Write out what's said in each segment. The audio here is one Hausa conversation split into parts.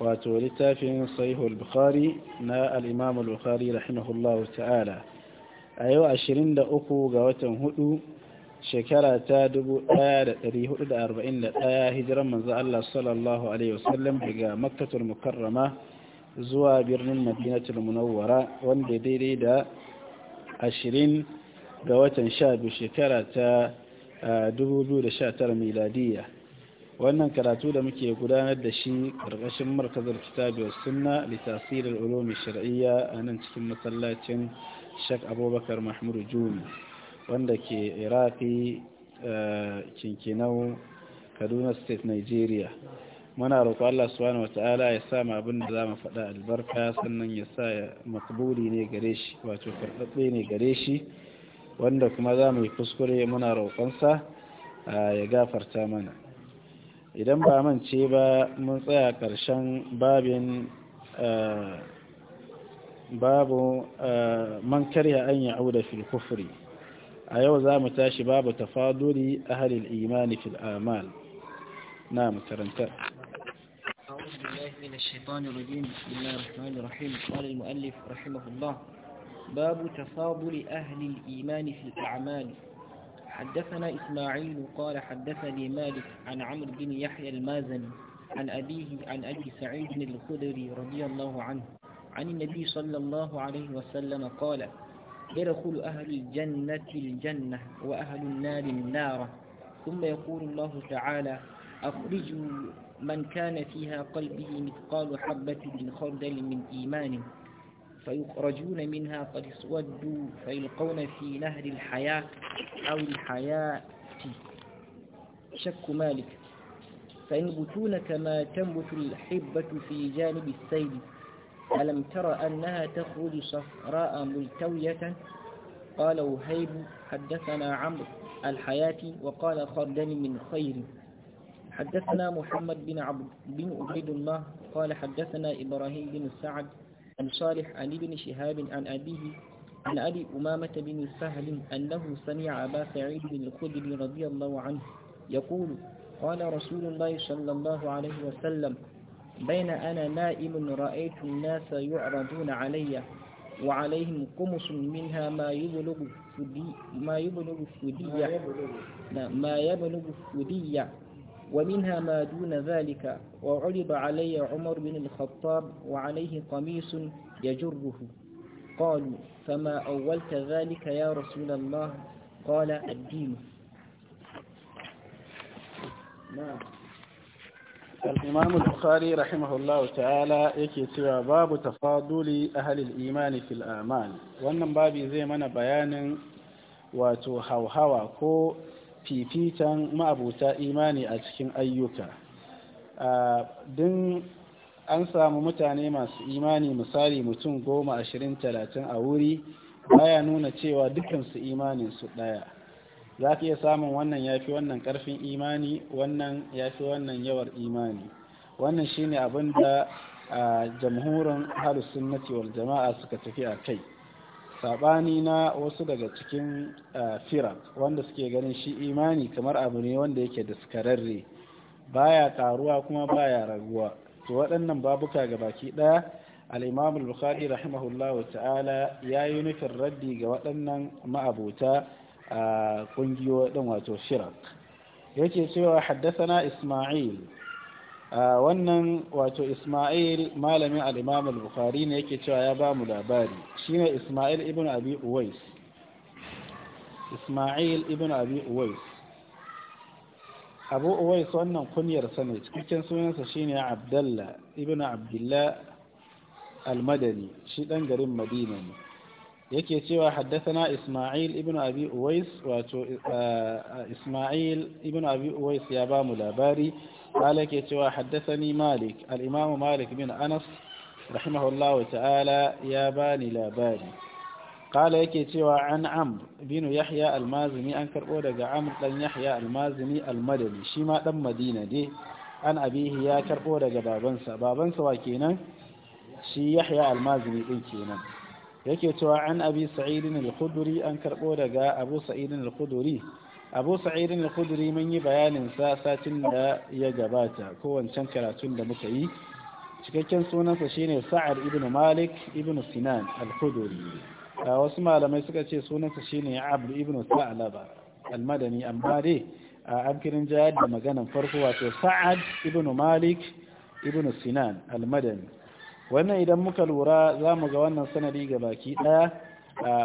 wato littafin sahihul bukhari na al-imam al-bukhari rahimahullahu ta'ala a yau 23 ga watan hudu shekara ta 1441 hijiran manzo Allah sallallahu alaihi wasallam daga makkatul mukarrama zuwa birnin madinatul munawwara wanda daidai da 20 ga watan 12 shekara ta 2019 ah, miladiyya wannan karatu da muke gudanar da shi ƙarƙashin markazar kitabi wa sunna da ulumi shari'a a nan cikin masallacin shak abubakar mahmud jumi wanda ke iraki eh, kinkinau kaduna state nigeria muna roƙo allah subhanahu wata'ala ya sa ma abin da za mu faɗa albarka sannan ya sa ya makbuli ne gare shi wato karɓaɓɓe ne gare shi wanda kuma za mu yi kuskure muna roƙonsa eh, ya gafarta mana idan ba mance ba mun tsaya ƙarshen babin babu man karya an auda fil kufri a yau za mu tashi babu tafaduri ahalil imani fil amal na makaranta أعوذ بالله من الشيطان باب تفاضل أهل الإيمان في الأعمال حدثنا إسماعيل قال حدثني مالك عن عمرو بن يحيى المازني عن أبيه عن أبي سعيد الخدري رضي الله عنه عن النبي صلى الله عليه وسلم قال يدخل أهل الجنة الجنة وأهل النار النار ثم يقول الله تعالى أخرجوا من كان فيها قلبه مثقال حبة من خردل من إيمان فيخرجون منها قد اسودوا فيلقون في نهر الحياة أو الحياة شك مالك فينبتون كما تنبت الحبة في جانب السيل ألم ترى أنها تخرج صفراء ملتوية قال وهيب حدثنا عمرو الحياة وقال خردني من خير حدثنا محمد بن عبد بن عبيد الله قال حدثنا إبراهيم بن سعد عن صالح عن ابن شهاب عن أبيه عن أبي أمامة بن سهل أنه سمع أبا سعيد بن الخدري رضي الله عنه يقول قال رسول الله صلى الله عليه وسلم بين أنا نائم رأيت الناس يعرضون علي وعليهم قمص منها ما يبلغ فدي ما يبلغ فدية ما يبلغ فدية ومنها ما دون ذلك وعرض علي عمر بن الخطاب وعليه قميص يجره قالوا فما أولت ذلك يا رسول الله قال الدين نعم الإمام البخاري رحمه الله تعالى yake cewa babu tafaduli ahalil imani fil amal wannan babi zai بيان bayanin wato fifitan ma'abuta imani a cikin ayyuka din an samu mutane masu imani misali mutum goma ashirin talatin a wuri baya nuna cewa dukansu imanin su ɗaya za ka iya samun wannan ya fi wannan ƙarfin imani wannan ya fi wannan yawar imani wannan shine abin da jamhurin halussun wal jama'a suka tafi a kai saɓani na wasu daga cikin fira wanda suke ganin shi imani kamar abu ne wanda yake daskararre baya karuwa kuma baya raguwa to waɗannan babuka ga baki ɗaya al’imamul bukari rahimahullah rahimahullahu ta'ala ya yi nufin raddi ga waɗannan ma'abuta a ƙungiyo wato shirak yake cewa haddasa na ismail wannan wato Ismail malamin al-Imam al-Bukhari ne yake cewa ya ba mu labari shine Ismail ibn Abi Uwais Ismail ibn Abi Uwais Abu Uwais wannan kunyar sa ne sunan sunansa shine Abdullah ibn Abdullah al-Madani shi dan garin Madina ne yake cewa haddathana Ismail ibn Abi Uwais wato Ismail ibn Abi Uwais ya ba mu labari قال كيتوا حدثني مالك الإمام مالك بن أنس رحمه الله تعالى يا باني لا باني قال يكيتوا عن عمرو بن يحيى المازني أنكر أودق عمرو بن يحيى المازني المدني شما دم مدينة دي an أبيه ya karbo daga بابنسا babansa wa kenan shi yahya almazini din kenan yake cewa an abi sa'idin al-khudri an karbo abu sa'irin al-khudri mun yi bayanin sa satin da ya gabata ko wancan karatun da muka yi cikakken sunansa shine sa'ad ibn malik ibn sinan al-khudri wasu malamai suka ce sunansa shine abdu ibn sa'laba al-madani amma dai an kirin jayar da maganan farko wato sa'ad ibn malik ibn sinan al-madani wannan idan muka lura za mu ga wannan sanadi ga baki daya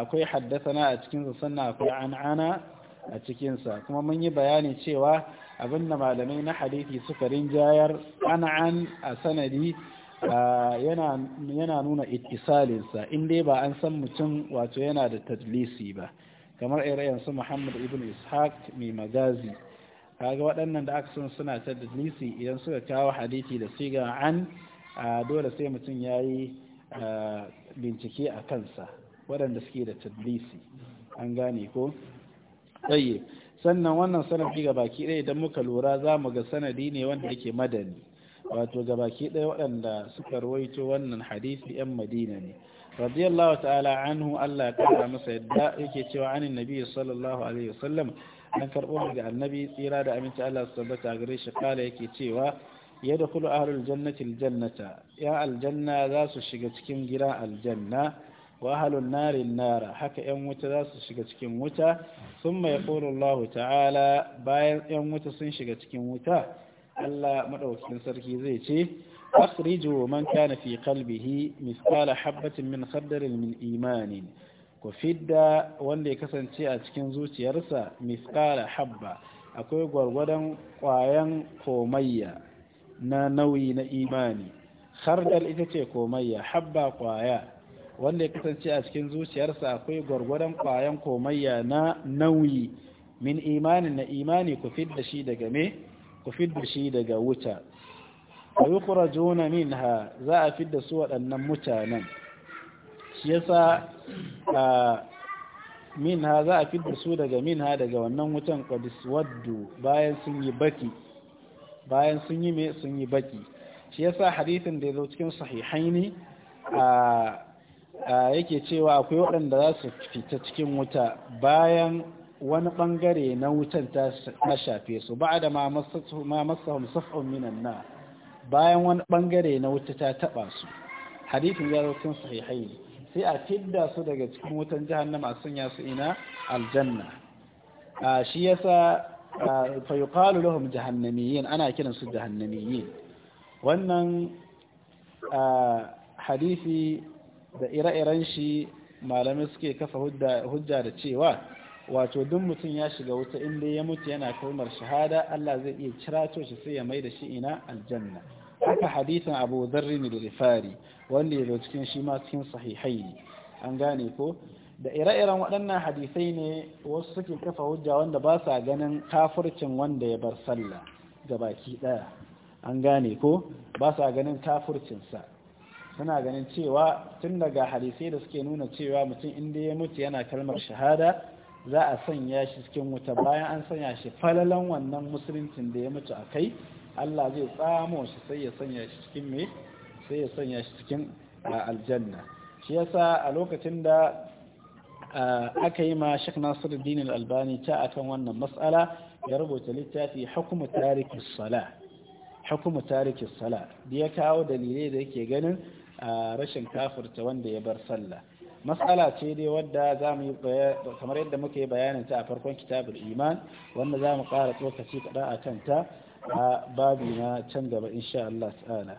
akwai haddasa na a cikin sannan akwai an'ana a cikinsa kuma mun yi bayani cewa abinda malamai na hadithi suka rinjayar an'an a sanadi yana nuna in inda ba an san mutum wato yana da tadlisi ba kamar irayen su muhammad ibn ishaq mai magazi kaga waɗannan da aka san suna tadlisi idan suka kawo hadithi da siga an dole sai mutum ya yi bincike a kansa waɗanda suke da tadlisi an gane ko tsaye sannan wannan sanadi ga baki ɗaya idan muka lura za mu ga sanadi ne wanda yake madani wato ga baki ɗaya waɗanda suka rawaito wannan hadisi 'yan madina ne radiyallahu ta'ala anhu Allah ya kara masa yadda yake cewa anin nabi sallallahu alaihi wasallam an daga annabi tsira da aminci Allah su tabbata gare shi kala yake cewa ya da kulu ahlul jannati aljannata ya aljanna za su shiga cikin gidan aljanna wahalun narin nara haka 'yan wuta za su shiga cikin wuta sun mai Allah ta'ala bayan 'yan wuta sun shiga cikin wuta Allah maɗaukakin sarki zai ce akhriju man kana fi qalbihi mithqala habatin min khardalin min imanin ku wanda ya kasance a cikin zuciyarsa mithqala habba akwai gwargwadon kwayan komayya na nauyi na imani khardal ita ce komayya habba kwaya wanda ya kasance a cikin zuciyarsa akwai gwargwadon kwayan komayya na nauyi min imanin na imani ku fidda shi daga me ku fidda shi daga wuta A yi juna min ha za a fidda su waɗannan mutanen shi yasa ha za a fidda su daga min ha daga wannan wutan qadis waddu bayan sun yi baki bayan sun yi me sun yi baki shi yasa hadisin da ya zo cikin sahihaini a yake cewa akwai waɗanda za su fita cikin wuta bayan wani ɓangare na wutan ta shafe su ba da ma masahun saf'un minan na bayan wani ɓangare na wuta ta taɓa su hadithin ya rukun sahihai sai a fidda su daga cikin wutan jahannama a sanya su ina aljanna shi ya sa yuqalu lahum jihannamiyin ana kiran su jihannamiyin wannan hadisi da ire-iren shi malamai suke kafa hujja da cewa wato duk mutum ya shiga wuta inda ya mutu yana kalmar shahada Allah zai iya cirato shi sai ya mai da shi ina aljanna haka hadisin abu zarri ne da rifari wanda ya zo cikin shi ma cikin sahihai an gane ko da ire-iren waɗannan hadisai ne wasu suke kafa hujja wanda ba sa ganin kafircin wanda ya bar sallah gabaki ɗaya an gane ko ba sa ganin kafircinsa suna ganin cewa tun daga hadisai da suke nuna cewa mutum inda ya mutu yana kalmar shahada za a sanya shi cikin wuta bayan an sanya shi falalan wannan musuluncin da ya mutu a kai Allah zai tsamo shi sai ya sanya shi cikin me sai ya sanya shi cikin aljanna shi yasa a lokacin da aka yi ma shek nasiru dinin albani ta a kan wannan matsala ya rubuta littafi hukumu tarikin sala hukumu tarikin sala da ya kawo dalilai da yake ganin a rashin kafirta wanda ya bar sallah matsala ce dai wadda za mu yi kamar yadda muke bayanin ta a farkon kitabul iman wanda za mu kara tsokaci kada a kanta a babi na can gaba insha Allah ta'ala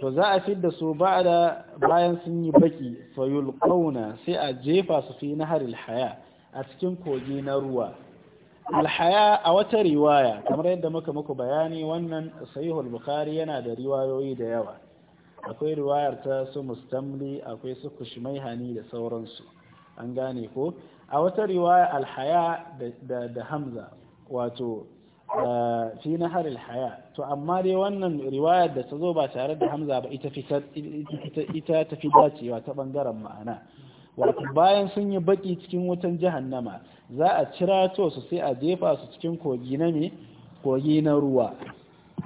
to za a fidda su ba da bayan sun yi baki fayul ƙauna sai a jefa su fi naharil haya a cikin kogi na ruwa alhaya a wata riwaya kamar yadda muka muku bayani wannan sahihul bukhari yana da riwayoyi da yawa akwai riwayar ta su mustamli akwai su kushmaihani da sauransu an gane ko a wata riwaya alhaya da hamza wato eh, fi nahar alhaya to amma dai wannan riwayar da ta zo ba tare da hamza ba ita ita fi dacewa ta bangaren ma'ana wato bayan sun yi baki cikin wutan jahannama za a cira to su sai a jefa su cikin kogi na me kogi na ruwa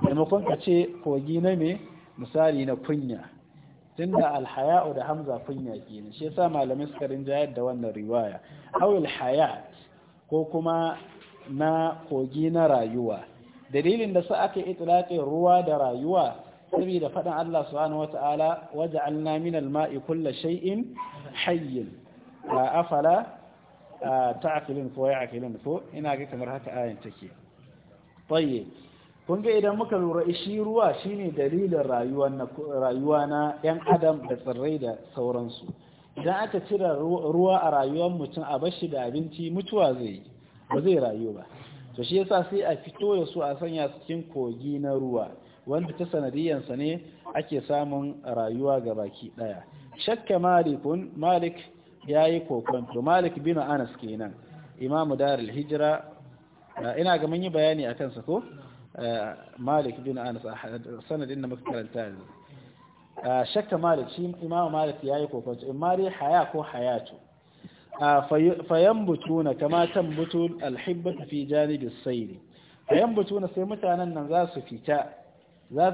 maimakon ka ce kogi na me misali na kunya tunda alhaya'u da hamza kunya kenan shi yasa malamai suka rinja yadda wannan riwaya awil hayat ko kuma na kogi na rayuwa dalilin da sa aka itlaqin ruwa da rayuwa saboda faɗin Allah subhanahu wata'ala waja'alna minal ma'i kulla shay'in hayyin afala ta'qilun fa ya'qilun ko ina ga kamar haka ayin take tayyib kun ga idan muka lura shi ruwa shine dalilin rayuwa na 'yan adam da tsirrai da sauransu idan aka cire ruwa a rayuwar mutum a bashi da abinci mutuwa zai ba zai rayu ba to shi yasa sai a fito da su a sanya cikin kogi na ruwa wanda ta sanadiyansa ne ake samun rayuwa ga baki daya shakka malikun malik ya yi kokonto malik bin anas kenan imamu darul hijira ina ga mun yi bayani a kansa ko malik bin anas sanadin da muka karanta ne shakka malik shi imamu malik ya yi kokonta in ma haya ko hayatu fayan butuna kama tambutu alhibbatu fi janibi sayri fayan butuna sai mutanen nan za su fita za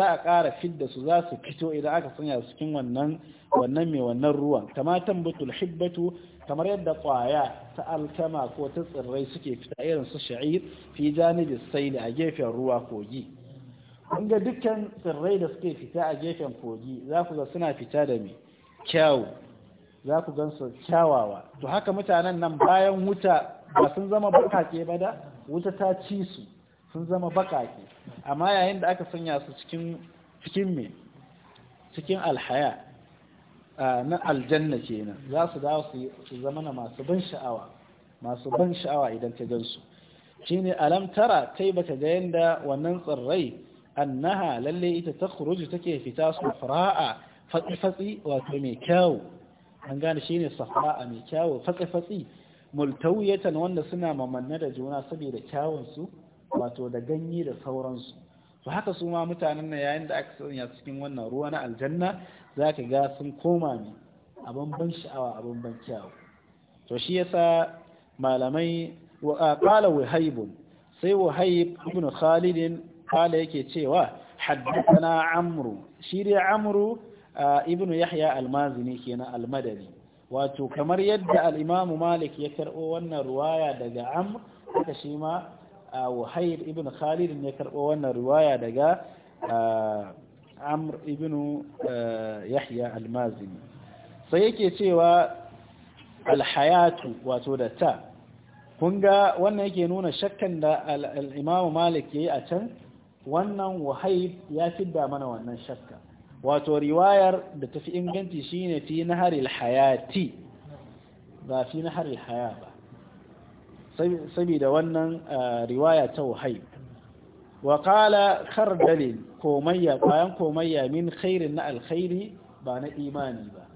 a ƙara fidda su za su fito idan aka sanya su cikin wannan wannan mai wannan ruwan kama tambutu Hibbatu kamar yadda kwaya. ta alkama ko ta tsirrai suke fita irin su sha'ir fi janibi saili a gefen ruwa kogi kun ga dukkan tsirrai da suke fita a gefen kogi za ku ga suna fita da mai kyawu za ku gansu kyawawa to haka mutanen nan bayan wuta ba sun zama bakake ba da wuta ta ci su sun zama bakake amma yayin da aka sanya su cikin cikin cikin alhaya na aljanna kenan za su dawo su zama na masu ban sha'awa masu ban sha'awa idan ka gansu shine alam tara kai baka ga yanda wannan tsirrai annaha lalle ita ta khuruju take fita sufra'a fatsi fatsi wato mai kyau an gane shine safra'a mai kyau fatsi fatsi multawiyatan wanda suna mamanna da juna saboda kyawun su wato da ganye da sauransu to haka su ma mutanen nan yayin da aka sanya cikin wannan ruwa na aljanna za ka ga sun koma ne a ban sha'awa a ban kyawu to shi yasa malamai wa qala sai haib ibn khalid qala yake cewa haddathana amru shi amru ibn yahya almazini kenan almadani wato kamar yadda al-imamu malik ya karbo wannan ruwaya daga amr haka shi ma ibn وحيد ابن خالد ان يكربوا وانا رواية دقاء yahya ابن يحيى yake wato da ta kun kunga wannan yake nuna shakkan da al'imamu malik ya a can wannan wahaib ya fidda mana wannan shakka wato riwayar da tafi inganci shine fi hari hayati ba fi naharil haya ba saboda wannan eh, riwaya ta wahai wa kar dalil komayya bayan komayya min khairin na alkhairi ba na imani ba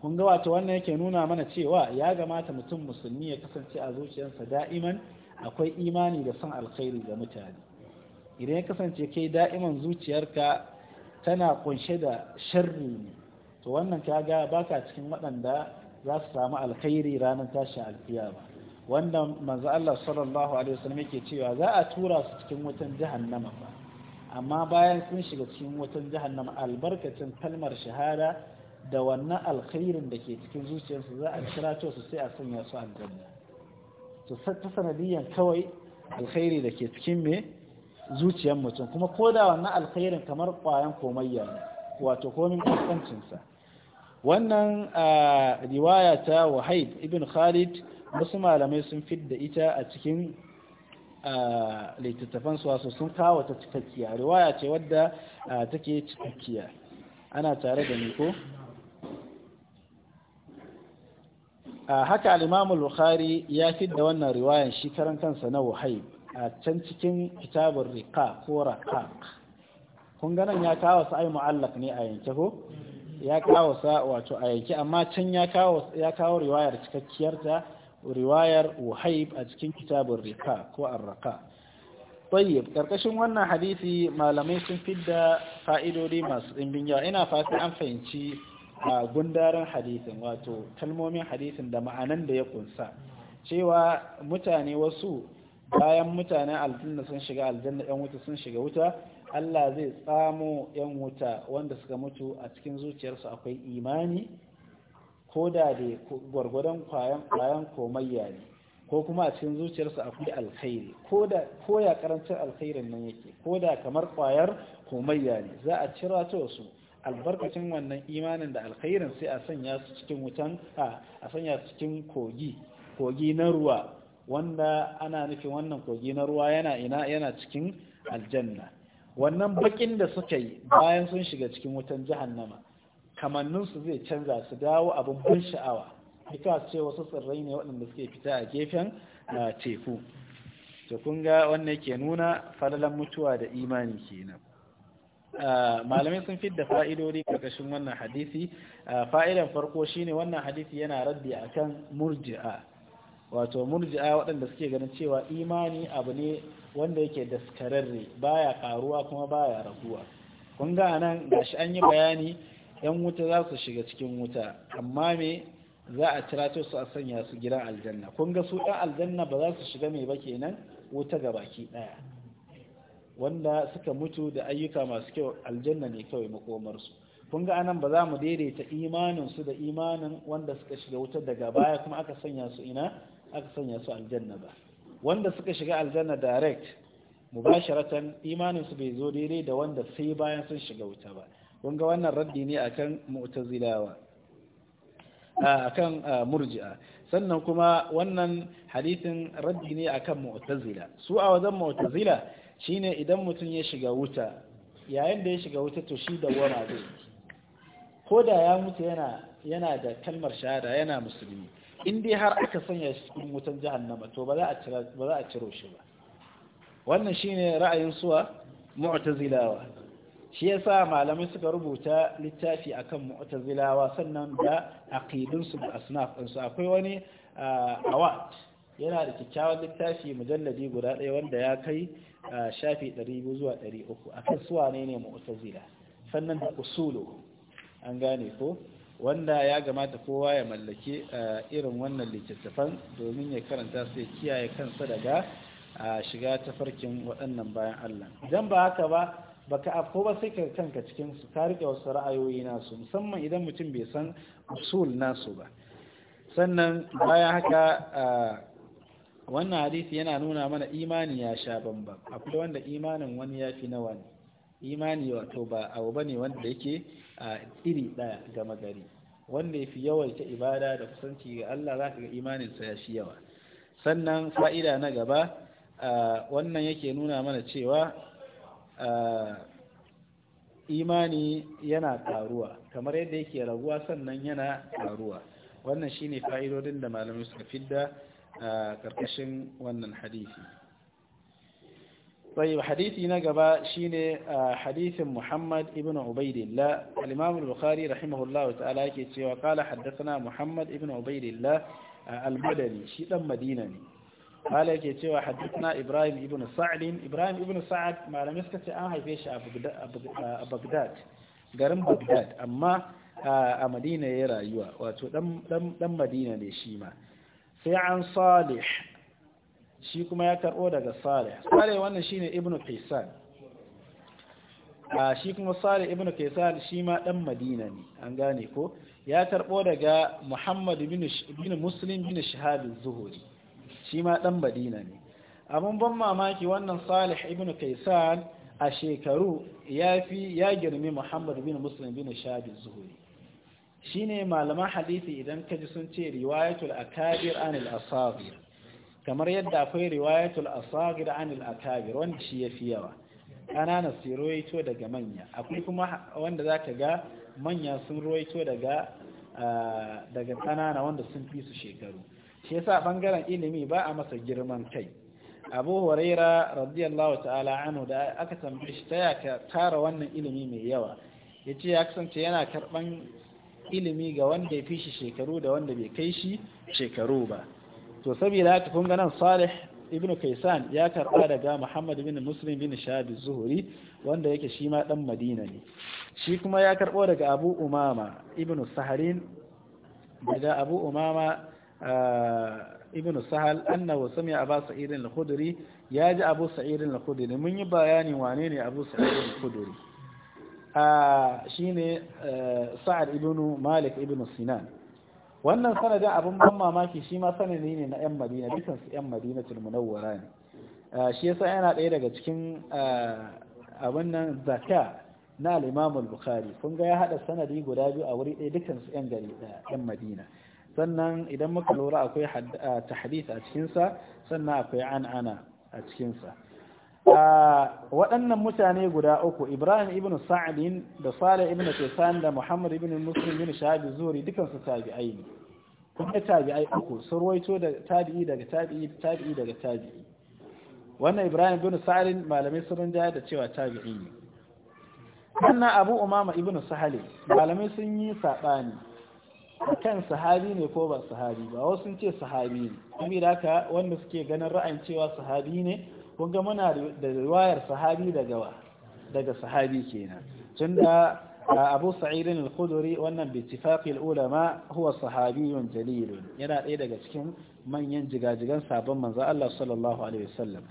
kun ga wata wannan yake nuna mana cewa ya gamata mutum musulmi ya kasance a zuciyarsa da'iman akwai imani da son alkhairi ga mutane idan ya kasance kai da'iman zuciyarka tana kunshe da sharri ne to wannan kaga baka cikin waɗanda za su samu alkhairi ranar tashi ba. wanda manzo Allah sallallahu alaihi wasallam yake cewa za a tura su cikin wutan jahannama ba amma bayan sun shiga cikin wutan jahannama albarkacin kalmar shahada da wannan alkhairin da ke cikin zuciyarsu za a kira to su sai a sanya su aljanna to ta sanadiyan kawai alkhairi da ke cikin me zuciyar mutum kuma ko da wannan alkhairin kamar kwayan komayya ne wato komin sa wannan ah, riwaya ta wahid ibn khalid wasu malamai sun fidda ita a cikin littattafan su wasu sun kawo ta cikakkiya riwaya ce wadda take cikakkiya ana tare da ni ko haka alimamu imam ya bukhari ya fidda wannan riwayan shi karan kansa na wahai a can cikin kitabur Rika ko raka kun ya kawo sa ai mu'allaq ne a yanke ko ya kawo sa wato a yanke amma can ya kawo ya kawo riwayar cikakkiyar ta riwayar Wuhaib a cikin kitabun Rika ko Araka. raka ƙarƙashin karkashin wannan hadisi malamai sun fidda fa'idodi masu ɗimbin yawa ina fata an fahimci a gundarin hadisin wato kalmomin hadisin da ma'anan da ya kunsa cewa mutane wasu bayan mutane aljanna sun shiga aljanna yan wuta sun shiga wuta Allah zai tsamo yan wuta wanda suka mutu a cikin zuciyarsu akwai imani ko da da gwargwadon kwayan komayya ne ko kuma a cikin zuciyarsa akwai alkhairi ko da ya karancin alkhairin nan yake ko da kamar kwayar komayya ne za a cira ta wasu albarkacin wannan imanin da alkhairin sai a sanya su cikin wutan a sanya su cikin kogi kogi na ruwa wanda ana nufin wannan kogi na ruwa yana ina yana cikin aljanna wannan bakin da suka yi bayan sun shiga cikin wutan jahannama kamanninsu zai canza su dawo abin ban sha'awa ita ce wasu tsirrai ne waɗanda suke fita a gefen teku to kun ga wannan ke nuna falalan mutuwa da imani kenan malamai sun fidda fa'idodi ƙarƙashin wannan hadisi fa'idan farko shine wannan hadisi yana raddi akan murji'a wato murji'a waɗanda suke ganin cewa imani abu ne wanda yake daskararre baya karuwa kuma baya raguwa kun ga nan gashi an yi bayani yan wuta za su shiga cikin wuta amma me za a cirato su a sanya su gidan aljanna kun ga su ɗan aljanna ba za su shiga mai ba kenan wuta ga baki ɗaya wanda suka mutu da ayyuka masu kyau aljanna ne kawai makomarsu kun ga anan ba za mu daidaita imanin su da imanin wanda suka shiga wuta daga baya kuma aka sanya su ina aka sanya su aljanna ba wanda suka shiga aljanna direct mubasharatan imanin su bai zo daidai da wanda sai bayan sun shiga wuta ba kun wannan raddi ne akan mu'tazilawa kan murji'a sannan kuma wannan hadisin raddi ne akan mu'tazila su a wajen mu'tazila shine idan mutum ya shiga wuta yayin da ya shiga wuta to shi da wama zai ko da ya mutu yana da kalmar shahada yana musulmi in dai har aka sanya cikin wutan jahannama to ba za ciro ba za a ciro shi ba wannan shine ra'ayin suwa mu'tazilawa shi yasa malamai suka rubuta littafi akan mu'tazilawa sannan da aqidinsu da asnaf ɗinsu akwai wani awad yana da kyakkyawan littafi mujalladi guda ɗaya wanda ya kai shafi 200 zuwa 300 akan suwa ne ne mu'tazila sannan da usulu an gane ko wanda ya gamata kowa ya mallake irin wannan littattafan domin ya karanta su ya kiyaye kansa daga shiga tafarkin waɗannan bayan Allah idan ba haka ba baka afko ba sai ka kanka cikin su ka rike wasu ra'ayoyi nasu musamman idan mutum bai san usul nasu ba sannan bayan haka wannan hadisi yana nuna mana imani ya sha bambam akwai wanda imanin wani ya fi na wani imani wato ba abu ba ne wanda yake a iri ɗaya gama gari wanda ya fi yawaita ibada da kusanci ga Allah za ka ga imaninsa ya shi yawa sannan fa'ida na gaba wannan yake nuna mana cewa aimani yana taruwa kamar yadda yake raguwa sannan yana taruwa wannan shine fa'idodin da malamai suka fidda a karkashin wannan hadisi waia hadisi na gaba shine a hadihin muhammad ibnu ubaidilla limamul bukhari rahimahullah ta'ala ke cewa khale haddasana muhammad ibnu ubaidillah a albudani shi dan madina ne قال yake cewa hadithna Ibrahim ibn Sa'd Ibrahim ibn Sa'd malamai suka ce an haife shi a Baghdad garin Baghdad amma a Madina ya rayuwa wato dan Madina ne shi ma sai an Salih shi kuma ya karbo daga Salih Salih wannan shine Ibn Qisan shi kuma Salih Ibn Qisan shi ma dan Madina ne an gane ko ya karbo daga Muhammad ibn Muslim ibn Shihab az-Zuhri shi ma ɗan badina ne abin ban mamaki wannan salih ibn kaisan a shekaru ya fi ya girmi muhammad bin muslim bin shabin zuhuri shi ne malaman hadisi idan ka ji sun ce riwayatul akabir anil asagir kamar yadda akwai riwayatul asagir anil akabir wanda shi ya fi yawa ƙananan su roito daga manya akwai kuma wanda za ka ga manya sun roito daga ah, daga ƙanana wanda sun fi su shekaru shi yasa bangaren ilimi ba a masa girman kai abu huraira radiyallahu ta'ala anhu da aka tambaye shi taya ka tara wannan ilimi mai yawa yace ya kasance yana karban ilimi ga wanda ya fi shi shekaru da wanda bai kai shi shekaru ba to saboda haka kun ga salih ibn kaisan ya karba daga muhammad ibn muslim bin shabi zuhuri wanda yake shi ma dan madina ne shi kuma ya karbo daga abu umama ibn saharin daga abu umama Ibnu sahal annahu sami abu sa'id al-khudri ya ji abu sa'id al-khudri mun yi bayani wane ne abu sa'id al-khudri shine sa'ad ibn malik ibnu sinan wannan sanadin abin ban mamaki shi ma sanadi ne na yan madina dukan su yan madina tulmunawwara ne shi yasa yana ɗaya daga cikin abin nan zaka na al-imam al-bukhari kun ga ya hada sanadi guda biyu a wuri ɗaya dukan su gari ɗaya yan madina sannan idan muka lura akwai ah, tahdith a cikinsa sannan akwai an'ana a cikinsa ah, waɗannan mutane guda uku ibrahim ibn sa'adin da salih ibn kaisan da muhammad ibn muslim bin shahabi zuri dukansu tabi'ai ne kuma tabi'ai uku sun ruwaito da tabi'i daga tabi'i tabi'i daga tabi'i wannan ibrahim ibn sa'adin malamai sun ja da cewa tabi'i ne sannan abu umama ibn sahali malamai sun yi saɓani kan sahabi ne ko ba sahabi ba wasu sun ce sahabi ne kuma da haka wanda suke ganin ra'ayin cewa sahabi ne kun ga muna da riwayar sahabi daga daga sahabi kenan tunda abu sa'idin al-khudri wannan bi ittifaqi al-ulama huwa sahabiyun jalil yana ɗaya daga cikin manyan jigajigan sabon manzo Allah sallallahu alaihi wasallam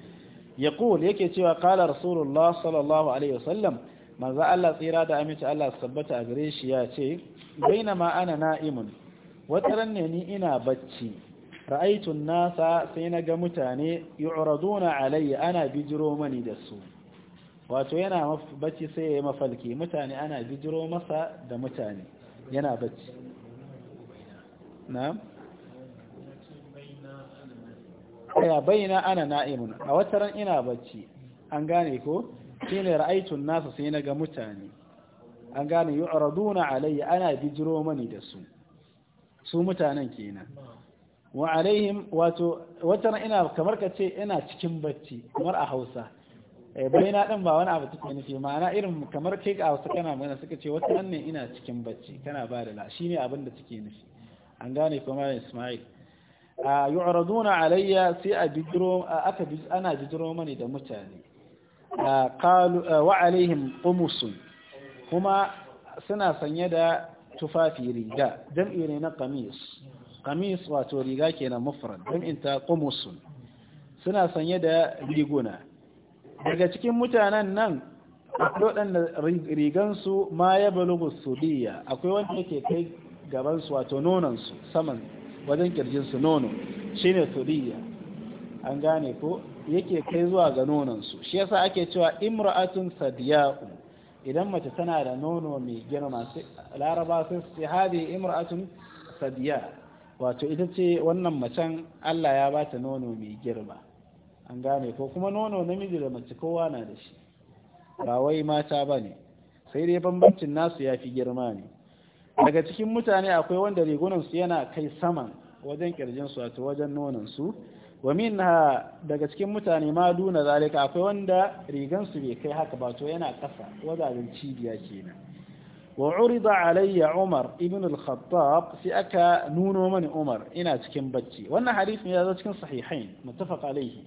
yaqul yake cewa qala rasulullah sallallahu alaihi wasallam manzo Allah tsira da aminci Allah sabbata a gare shi ya ce ma ana na'imun wataran ne ni ina bacci ra'aytu nasa sai na ga mutane yu'raduna alayya ana bijiro mani da su wato yana bacci sai ya yi mafalki mutane ana bijiro masa da mutane yana bacci na'am ya bayyana ana na'imun a wataran ina bacci an gane ko shi ne ra'aitun nasa sai na ga mutane an gane yi araduna alayya ana bijiro mani da su su mutanen kenan wa alaihim wato wata ina kamar ka ce ina cikin bacci kamar a hausa eh, bai na ɗan ba wani abu take nufi ma'ana irin kamar kai a hausa kana magana suka ce wata ne ina cikin bacci kana ba da la shi ne abin da take nufi an gane kuma ismail a ah, yu'raduna alayya sai a bijiro aka ana bijiro mani da mutane wa alaihim qumusun kuma suna sanye da tufafi riga jam'i ne na kamis, kamis wato riga kenan mufrad jam'in ta suna sanye da riguna daga cikin mutanen nan waɗanda rigansu ma ya balugu sudiya akwai wanda yake kai gabansu wato nonansu saman wajen kirjinsu nono shine sudiya an gane ko yake kai zuwa ga nononsu shi yasa ake cewa imra'atun sadiya'u idan mace tana da nono mai girma laraba sun ce hadi imra'atun sadiya wato ita ce wannan macen Allah ya bata nono mai girma an gane ko kuma nono namiji da mace kowa na da shi ba wai mata bane sai dai bambancin nasu ya fi girma ne daga cikin mutane akwai wanda rigunansu yana kai saman wajen kirjinsu wato wajen nonansu su wa ha daga cikin mutane ma duna zalika akwai wanda rigansu bai kai haka ba to yana kasa wazarin cibiya kenan wa urida alayya umar ibn al-khattab sai aka nuno mani umar ina cikin bacci wannan hadisi ya zo cikin sahihain muttafaq alayhi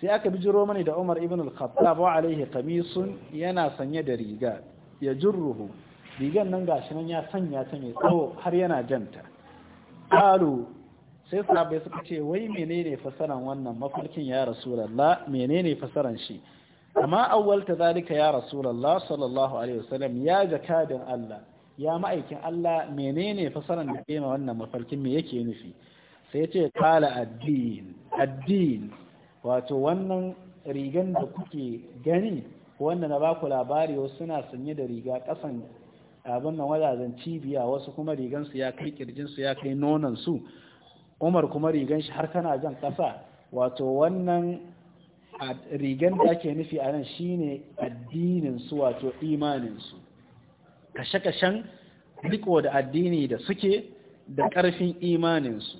sai aka bijiro mani da umar ibn al-khattab wa alayhi qamis yana sanye da riga ya jurruhu rigan nan gashi nan ya sanya ta mai tsawo har yana janta qalu sai sahabai suka ce wai menene fasaran wannan mafarkin ya rasulullah menene fasaran shi amma ta zalika ya rasulullah sallallahu alaihi wasallam ya zakadin Allah ya ma'aikin Allah menene fasaran da kema wannan mafarkin me yake nufi sai ya ce kala addin addin wato wannan rigan da kuke gani wanda na baku labari wasu suna sanye da riga kasan abin nan wajajen cibiya wasu kuma rigansu ya kai kirjinsu ya kai su. umar kuma rigan shi har tana jan kasa, wato wannan rigan da ake nufi a nan shine addininsu wato imaninsu kashe-kashen riko da addini da suke da ƙarfin imaninsu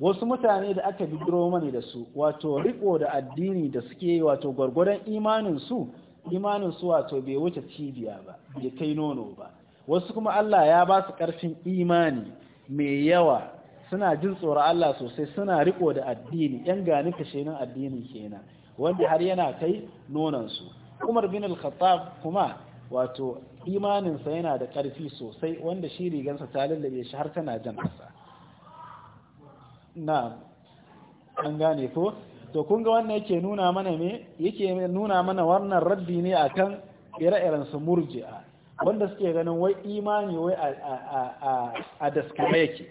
wasu mutane da aka bidiro mani da su wato riko da addini da suke wato gwargwadon imaninsu imaninsu wato bai wuce cibiya ba bai kai nono ba wasu kuma Allah ya ba su ƙarfin imani mai yawa suna jin tsoron Allah sosai suna riko da addini yan gani kashenin addini kenan wanda har yana kai nonansu Umar bin al-Khattab kuma wato imaninsa yana da ƙarfi sosai wanda shi rigansa ta lallabe shi har tana jan ƙasa na an gane ko to kun ga wannan yake nuna mana me yake nuna mana wannan raddi ne akan ire-iren su murji'a wanda suke ganin wai imani wai a daskare yake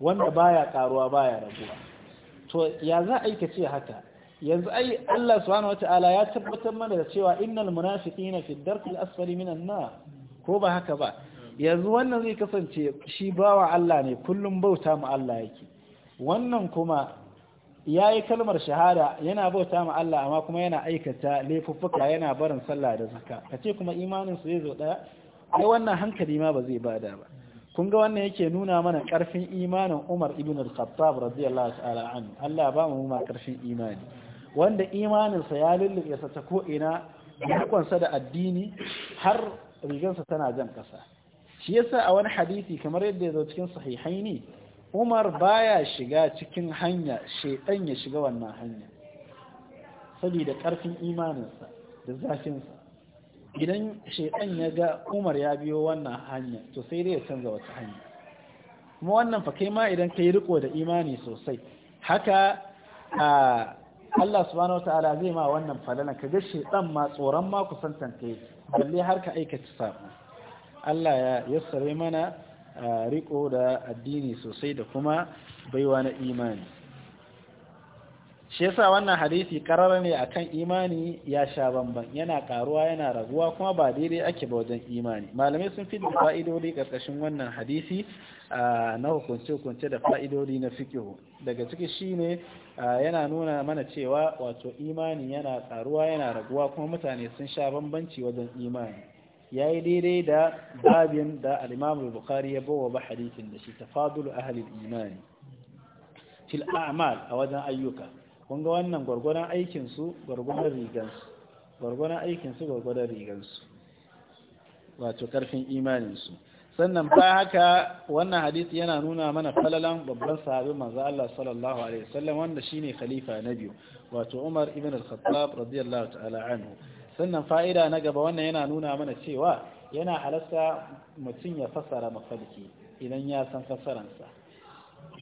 wanda baya karuwa baya raguwa to ya za a yi ka ce haka yanzu ai Allah subhanahu wata'ala ya tabbatar mana da cewa innal munafiqina fi al asfali an nar ko ba haka ba yanzu wannan zai kasance shi bawa Allah ne kullum bauta mu Allah yake wannan kuma ya kalmar shahada yana bauta ma Allah amma kuma yana aikata laifuffuka yana barin sallah da zakka kace kuma imanin su zai zo daya ai wannan hankali ma ba zai bada ba kun ga wannan yake nuna mana ƙarfin imanin Umar ibn al-Khattab radiyallahu ta'ala anhu Allah ba mu ma ƙarfin imani wanda imaninsa ya lullube sa ta ko ina da addini har rigansa tana jan kasa shi yasa a wani hadisi kamar yadda ya zo cikin sahihaini Umar baya shiga cikin hanya shedan ya shiga wannan hanya saboda karfin imaninsa da zafinsa idan shaidan ya ga umar ya biyo wannan hanya to sai dai ya canza wata hanya kuma wannan fa kai ma idan kai riko da imani sosai haka a Allah subhanahu wataala zai ma wannan falala ga shaidan ma tsoron ma kusantan kai balle har ka aikata sabo Allah ya yassare mana riko da addini sosai da kuma baiwa na imani shi yasa wannan hadisi karara ne akan imani ya sha bamban yana karuwa yana raguwa kuma ba daidai ake ba wajen imani malamai sun fi fa'idodi karkashin wannan hadisi na hukunce-hukunce da fa'idodi na fikihu daga ciki shine yana nuna mana cewa wato imani yana karuwa yana raguwa kuma mutane sun sha bambanci wajen imani ya yi daidai da babin da al'imamu bukari ya bawa ba hadisin da shi tafadul ahalin imani fil a'mal a wajen ayyuka kun ga wannan gwargwadon aikinsu gwargwadon rigansu gwargwadon aikinsu gwargwadon rigansu wato karfin imaninsu sannan ba haka wannan hadisi yana nuna mana falalan babban sahabi manzo Allah sallallahu alaihi wasallam wanda shine khalifa na biyu wato Umar ibn al-Khattab radiyallahu ta'ala anhu sannan fa'ida na gaba wannan yana nuna mana cewa yana halasta mutum ya fassara mafalki idan ya san fassaransa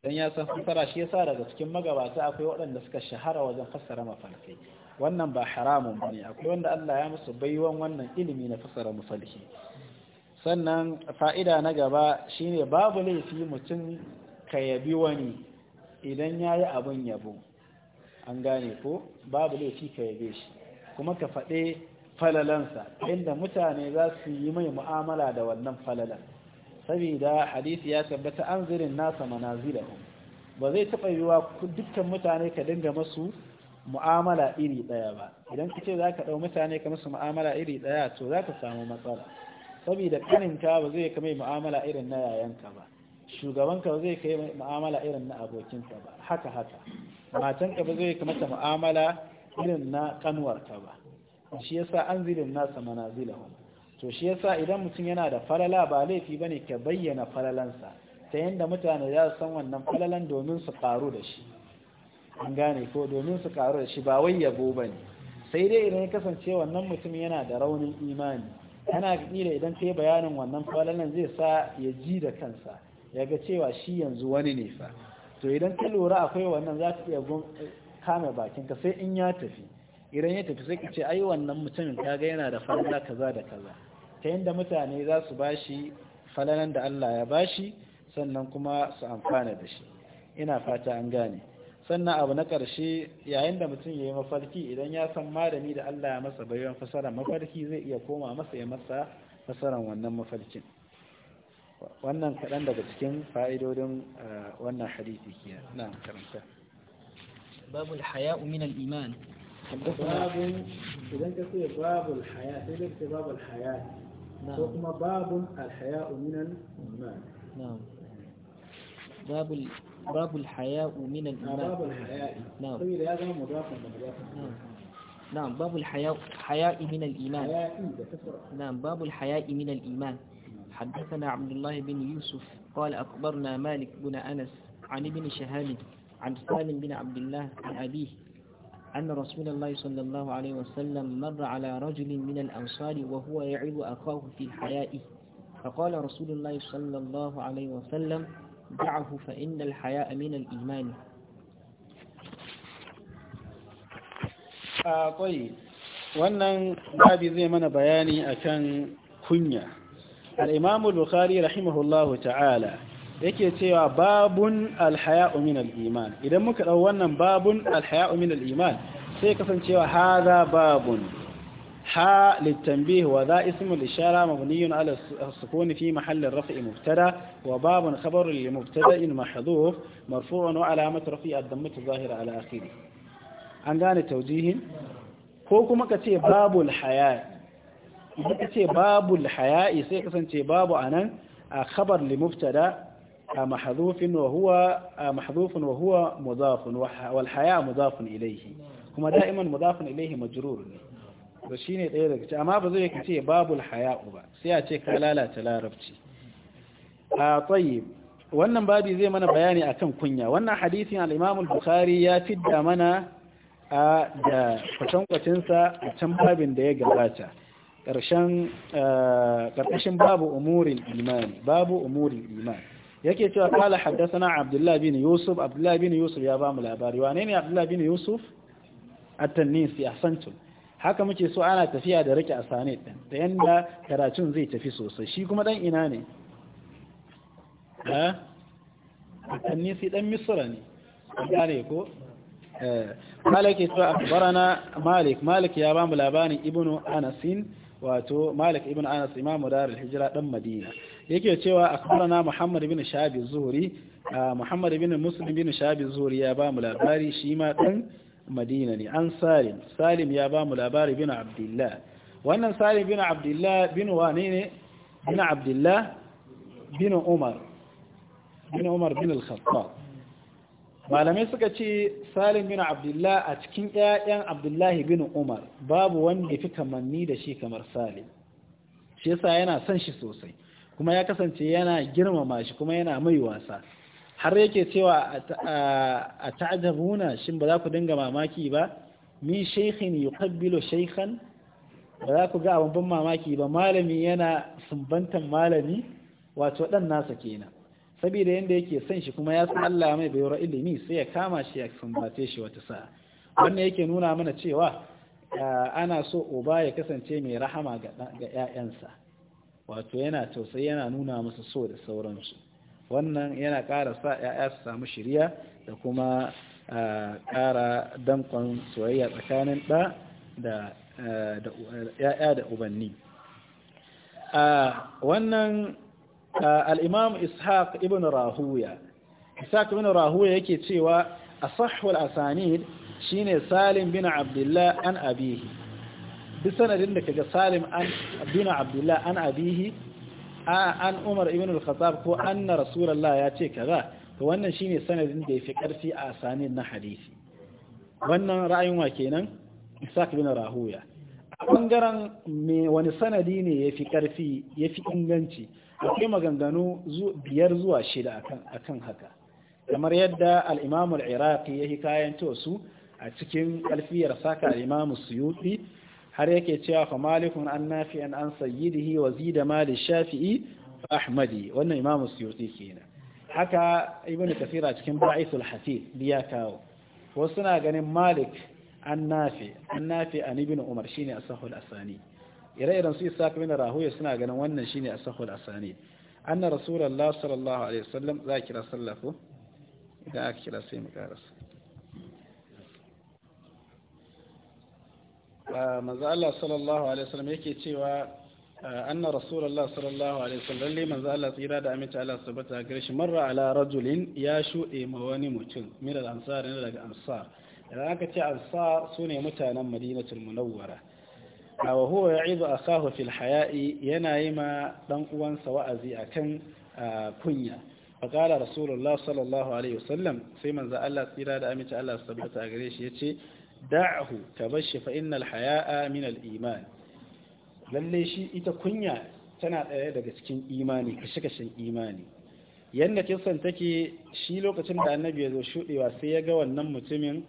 dan ya san fassara shi yasa daga cikin magabata akwai waɗanda suka shahara wajen fassara mafarkai wannan ba haramun bane akwai wanda Allah ya musu baiwan wannan ilimi na fassara mafarki sannan fa'ida na gaba shine babu laifi mutum ka yabi wani idan yayi abun yabo an gane ko babu laifi ka yabe shi kuma ka faɗe falalansa inda mutane za su yi mai mu'amala da wannan falalan saboda hadisi ya tabbata an zirin nasa manazilahum ba zai taɓa yiwa dukkan mutane ka dinga masu mu'amala iri ɗaya ba idan kace zaka za ɗau mutane ka masu mu'amala iri ɗaya to zaka samu matsala saboda kaninka ba zai kai mu'amala irin na yayanka ba shugabanka ba zai kai mu'amala irin na abokinka ba haka haka matanka ba zai kamata mu'amala irin na kanwarka ba shi yasa an zirin nasa manazilahum to shi yasa idan mutum yana da falala ba laifi bane ka bayyana falalansa ta yanda mutane za su san wannan falalan domin su karu da shi an gane ko domin su karu da shi ba wai yabo bane sai dai idan ya kasance wannan mutum yana da raunin imani ana kila idan kai bayanin wannan falalan zai sa ya ji da kansa ya ga cewa shi yanzu wani ne fa to idan ka lura akwai wannan za ka iya kame bakinka sai in ya tafi idan ya tafi sai ka ce ai wannan mutumin kaga yana da falala kaza da kaza ta yadda mutane za su bashi falalan da Allah ya bashi sannan kuma su amfana da shi ina fata an gane sannan abu na ƙarshe yayin da mutum ya yi mafarki idan ya san malami da Allah ya masa bayan fasara mafarki zai iya koma masa ya masa fasaran wannan mafarkin wannan kaɗan daga cikin fa'idodin eh, wannan hadithi kiya na karanta babul haya min iman babu idan ka ce babul haya sai da babul haya نعم. ثم باب الحياء من الإيمان نعم باب ال... باب الحياء من الإيمان باب الحياء نعم قيل هذا مضاف مضاف نعم نعم باب الحياء حياء من الإيمان حياء نعم باب الحياء من الإيمان حدثنا عبد الله بن يوسف قال أخبرنا مالك بن أنس عن ابن شهاب عن سالم بن عبد الله عن أبيه أن رسول الله صلى الله عليه وسلم مر على رجل من الأنصار وهو يعيب أخاه في حيائه فقال رسول الله صلى الله عليه وسلم دعه فإن الحياء من الإيمان آه، طيب tsaye بعد babi zai mana bayani akan kunya al-imamu bukhari rahimahullahu yake cewa babun alhaya'u min al-iman idan muka dau wannan babun alhaya'u min al-iman sai kasancewa hadha babun ha litanbih wa za ismu al-ishara mabniyun ala as-sukun fi mahall ar-raf'i mubtada wa babun khabar li-mubtada'in mahdhuf marfu'un wa alamat rafi ad-dammah zahira dhahira ala akhirih an gane tawjihin ko kuma kace babul haya' idan kace babul haya'i sai kasance babu anan a khabar li-mubtada محذوف وهو محذوف وهو مضاف والحياء مضاف kuma da'iman mudafin ilaihi majrur ne to shine ɗaya daga ci amma ba zai kace babul haya'u ba sai a ce ka lalata larabci a tayyib wannan babi zai mana bayani akan kunya wannan hadisin al-Imam al ya fidda mana a da kwatankwacin sa a can babin da ya gabata ƙarshen babu umurin iman babu umuril imani yake cewa haddasa na abdullah bin yusuf abdullah bin yusuf ya ba mu labari wane ne abdullah bin yusuf a at-tanisi ahsantum haka muke so ana tafiya da rike asane din da yadda karatun zai tafi sosai shi kuma dan ina ne eh at-tanisi dan misra ne gane ko مالك يتبع أخبرنا مالك مالك يا بام لاباني ابن أنس واتو مالك ابن أنس إمام دار hijira دم madina. yake cewa akhbarana Muhammad bin Shabi zuri zuhri Muhammad bin Muslim bin Shabi zuri zuhri ya ba mu labari shi ma ɗan Madina ne an Salim Salim ya ba mu labari bin Abdullah wannan Salim bin Abdullah bin wane ne bin Abdullah bin Umar bin Umar bin al-Khattab malamai suka ce salim bin abdullah a cikin 'ya'yan abdullahi bin umar babu wanda fi kamanni da shi kamar salim shi yasa yana son shi sosai kuma ya kasance yana girmama shi kuma yana mai wasa har yake cewa a ta'adabuna shin ba za ku dinga mamaki ba min shaykhin yuqabbilu shaykhan ba za ku ga abin mamaki ba malami yana sumbantan malami wato dan nasa kenan saboda yanda yake son shi kuma ya san Allah mai bayar ilimi sai ya kama shi ya sumbace shi wata sa'a wannan yake nuna mana cewa ana so uba ya kasance mai rahama ga 'ya'yansa wato yana tausayi yana nuna musu so da sauransu wannan yana ƙara sa 'ya'ya su samu shirya da kuma ƙara dankon soyayya tsakanin ɗa da 'ya'ya da ubanni wannan al'imam ishaq ibn rahuya ishaq ibn rahuya yake cewa a sahwal asanid shine salim bin abdullah an abihi duk sanadin da ga salim an abdullah an abihi an umar ibn al ko anna rasulullah ya ce kaza wannan shine sanadin da yafi karfi a sanin na hadisi wannan ra'ayin wa kenan isaac bin rahuya a bangaren me wani sanadi ne yafi karfi yake inganci akwai maganganu biyar zuwa shida akan akan haka kamar yadda al-imam al-iraqi kayan hikayanto su a cikin alfiyar saka al-imam suyuti har yake cewa fa malikun an nafi an sayyidihi wa zida mali shafi'i ahmadi wannan imamu suyuti kenan haka ibn kasira cikin ba'isul hasib biya kawo wasu suna ganin malik an nafi an nafi an ibn umar shine asahul asani ire-iren su isa kamar rahuya suna ganin wannan shine asahul asani anna rasulullah sallallahu alaihi wasallam za kira sallafu da aka kira sai mu karasa manzo Allah sallallahu alaihi wasallam yake cewa anna rasulullah sallallahu alaihi wasallam lalle manzo Allah tsira da aminta Allah subhanahu wa shi marra ala rajulin ya shuɗe ma wani mutum min al-ansar ne daga ansar idan aka ce ansar sune mutanen madinatul munawwara wa huwa ya'idu akahu fil haya'i yana yi ma dan uwansa wa'azi akan kunya فقال رسول الله صلى الله عليه وسلم سيما ذا الله تيرا دا أميت الله سبحانه وتعالى يتي da'ahu tabashi fa innal haya'a minal, iman lalle shi ita kunya tana ɗaya daga cikin imani kashe-kashen imani yadda kisan take shi lokacin da annabi ya zo shuɗewa sai ya ga wannan mutumin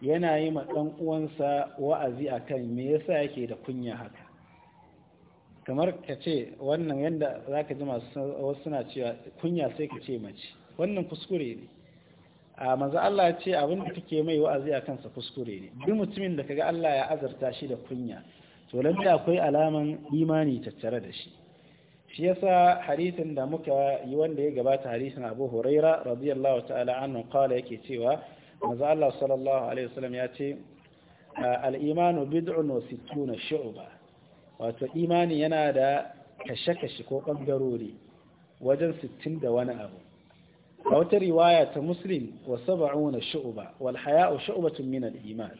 yana yi ma ɗan uwansa wa'azi a kan me yasa yake da kunya haka kamar ka ce wannan yadda za ka ji masu wasu suna cewa kunya sai ka ce mace wannan kuskure ne a manzo Allah ya ce abin da kake mai wa'azi a kansa kuskure ne duk mutumin da kaga Allah ya azarta shi da kunya to lalle akwai alaman imani tattare da shi shi yasa hadisin da muka yi wanda ya gabata hadisin Abu Huraira radiyallahu ta'ala anhu qala yake cewa manzo Allah sallallahu alaihi wasallam ya ce al-imanu bid'un wa sittuna shu'ba wato imani yana da kashe-kashe ko ɓangarori wajen sittin da wani abu a wata riwaya ta muslim wa saba'una shu'ba wal haya'u shu'batun min al iman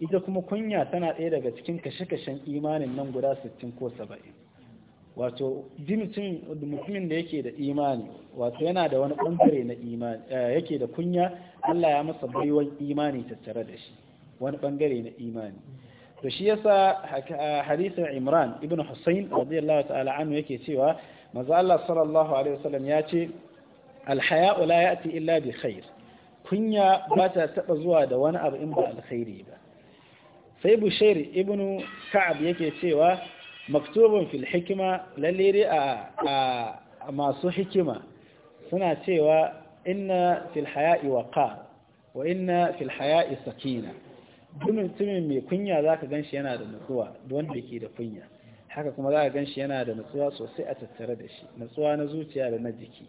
ita kuma kunya tana ɗaya daga cikin kashe-kashen imanin nan guda 60 ko 70 wato dimitin mutumin da yake da imani wato yana da wani bangare na imani eh, yake da kunya Allah ya masa baiwan imani tattare da shi wani bangare na imani to shi yasa eh, hadisin Imran ibn Hussein radiyallahu ta'ala anhu yake cewa manzo Allah sallallahu alaihi wasallam ya ce alhaya'u la ya'ti illa bi khair kunya ba ta taba zuwa da wani abu in ba alkhairi ba sai bushair ibnu ka'ab yake cewa maktubun fil hikima lalle a masu hikima suna cewa inna fil haya'i waqa wa inna fil haya'i sakina tumin mai kunya zaka ganshi yana da nutsuwa wanda yake da kunya haka kuma zaka ganshi yana da nutsuwa sosai a tattare da shi nutsuwa na zuciya da na jiki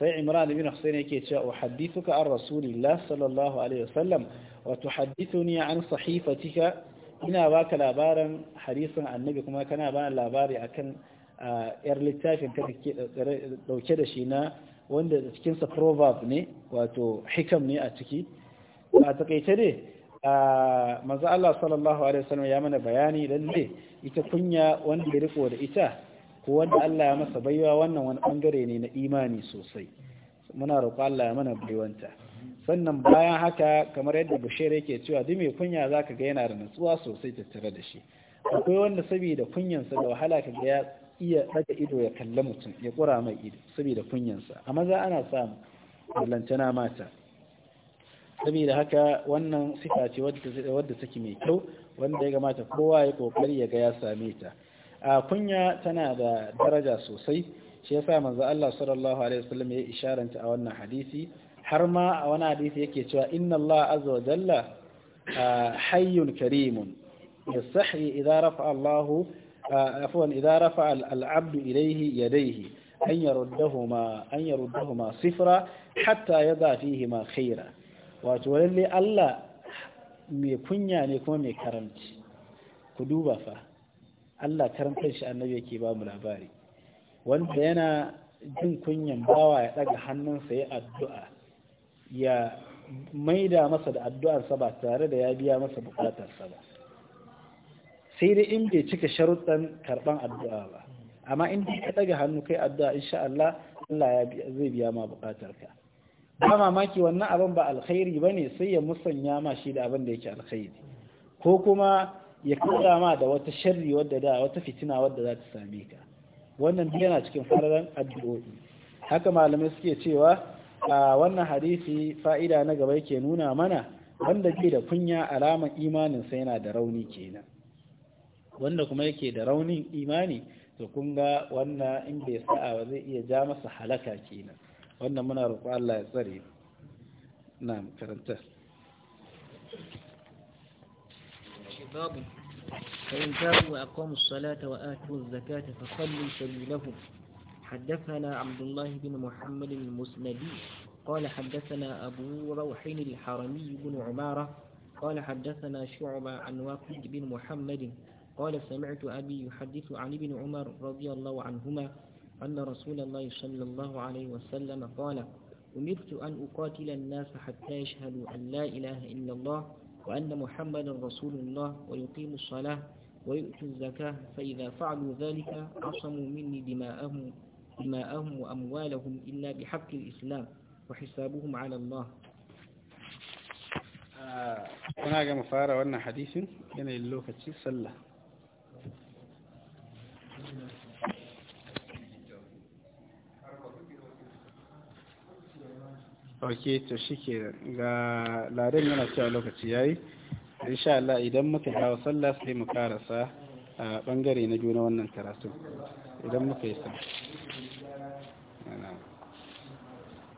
sai imran ibn husayn yake cewa hadithuka an rasulillah sallallahu alaihi wasallam wa tuhaddithuni an sahifatika ina baka labarin hadisin annabi kuma kana ba labari akan yar littafin ka dauke da shi na wanda cikin sa proverb ne wato hikam ne a ciki a takaice dai manzo Allah sallallahu alaihi wasallam ya mana bayani dan ne ita kunya wanda ya riko da ita ko wanda Allah ya masa baiwa wannan wani bangare ne na imani sosai muna roƙo Allah ya mana baiwanta sannan bayan haka kamar yadda bashir yake cewa duk mai kunya zaka ga yana da natsuwa sosai tare da shi akwai wanda saboda kunyansa da wahala ka ga ya iya daga ido ya kalla mutum ya kura mai ido saboda kunyansa a maza ana samu lantana mata saboda haka wannan sifa ce wadda take mai kyau wanda ya gamata kowa ya kokari ya ga ya same ta kunya tana da daraja sosai shi yasa manzo Allah sallallahu alaihi wasallam ya isharanta a wannan hadisi har ma a wani hadisi yake cewa inna Allah azza wa jalla hayyun karimun yastahi idza rafa Allah afwan idza rafa al-abd ilayhi yadayhi an yaruddahuma an yaruddahuma sifra hatta yada ma khaira wato lalle Allah mai kunya ne kuma mai karamci ku duba fa Allah karan shi annabi yake ba mu labari wanda yana jin kunyan bawa ya daga hannunsa ya addu'a ya maida masa da addu'arsa ba tare da ya biya masa bukatarsa ba sai dai in bai cika sharuɗan karɓan addu'a ba amma in ka daga hannu kai addu'a insha Allah Allah zai biya ma bukatarka ba mamaki wannan abin ba alkhairi ba ne sai ya musanya ma shi da abin da yake alkhairi ko kuma ya kada ma da wata sharri wadda da wata fitina wadda za ta same ka wannan duk yana cikin fararen addu'o'i haka malamai suke cewa a wannan hadisi fa'ida na gaba yake nuna mana wanda ke da kunya alaman imanin sa yana da rauni kenan wanda kuma yake da raunin imani to kun ga wannan in bai sa'a ba zai iya ja masa halaka kenan wannan muna roƙo Allah ya tsare na karanta باب فإن تابوا وأقاموا الصلاة وآتوا الزكاة فخلوا سبيلهم حدثنا عبد الله بن محمد المسندي قال حدثنا أبو روح الحرمي بن عمارة قال حدثنا شعبة عن واقد بن محمد قال سمعت أبي يحدث عن ابن عمر رضي الله عنهما أن رسول الله صلى الله عليه وسلم قال أمرت أن أقاتل الناس حتى يشهدوا أن لا إله إلا الله وأن محمد رسول الله ويقيم الصلاة ويؤتي الزكاة فإذا فعلوا ذلك عصموا مني دماءهم, دماءهم وأموالهم إلا بحق الإسلام وحسابهم على الله kuna ga mafara wannan hadisin yanayin lokaci sallah ok to shi ke ga ladan yana cewa lokaci ya yi insha Allah idan muka hawa sallah sai mu karasa a bangare na juna wannan karatu idan muka yi sa